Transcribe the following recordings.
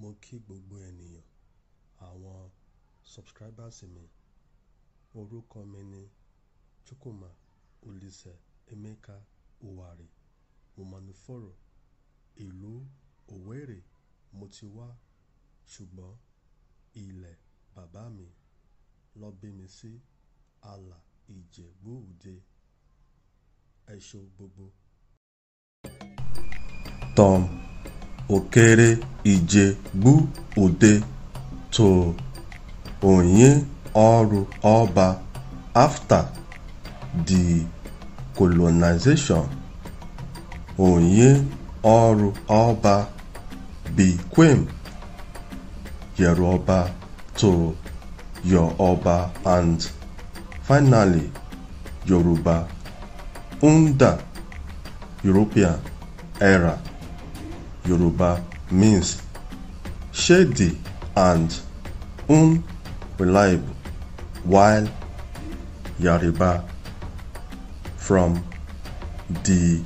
Mo kí gbogbo ènìyàn, àwọn subscribers mi. Orúkọ mi ni Chukwuma Olise Emeka Owari. Mo Manufọ́rọ̀, ìlú Owerri mo ti wá ṣùgbọ́n ilẹ̀ bàbá mi lọ bí mi sí ààlà Ìjẹ̀bú Òde. gbogbo. Tom. okere ije gbu ude to onye ọrụ ọba after colonization onye ọrụ ọba queen yoruba to yoruba and finally yoruba under European era. Yoruba means shady and unreliable, while Yariba, from the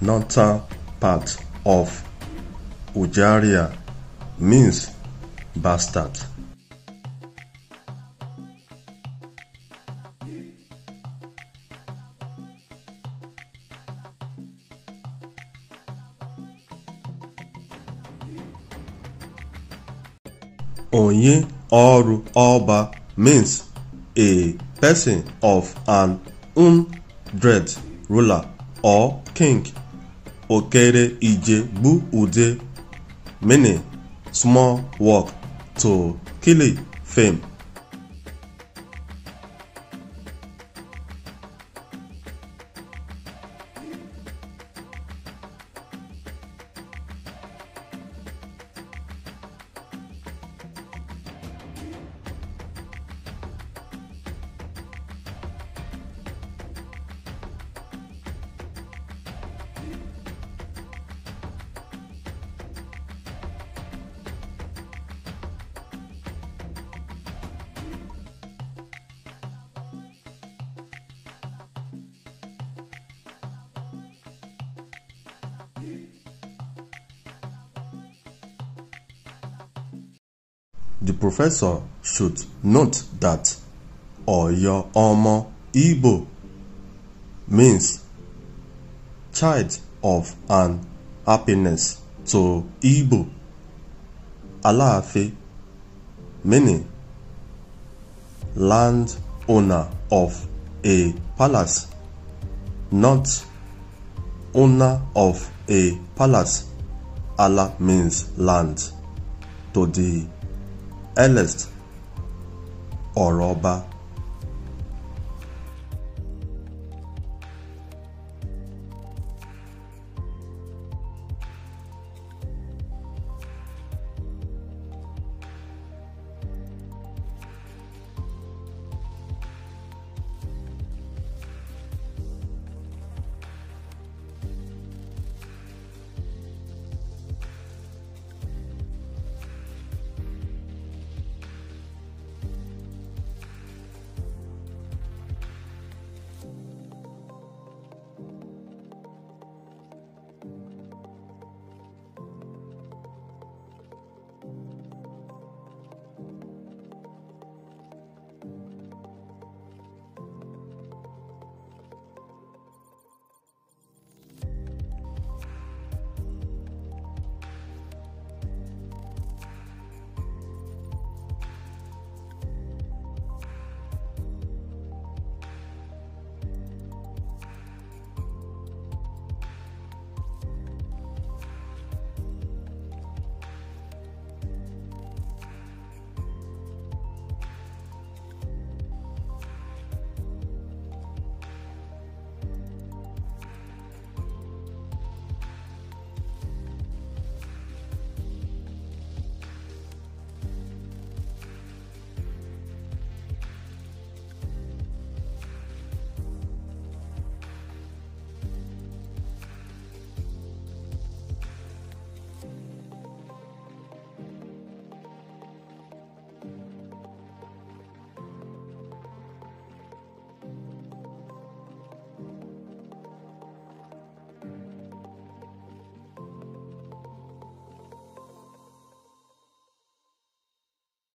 northern part of Ujaria, means bastard. Onye ọrụ ọba means a person of an hundred ruler or king. Okere ije bụ ude meaning small work to kill fame. the professor should note that Oyo Omo Igbo means child of an happiness to Igbo. Alaafi meaning land owner of a palace, not owner of a palace. Allah means land to the or Oroba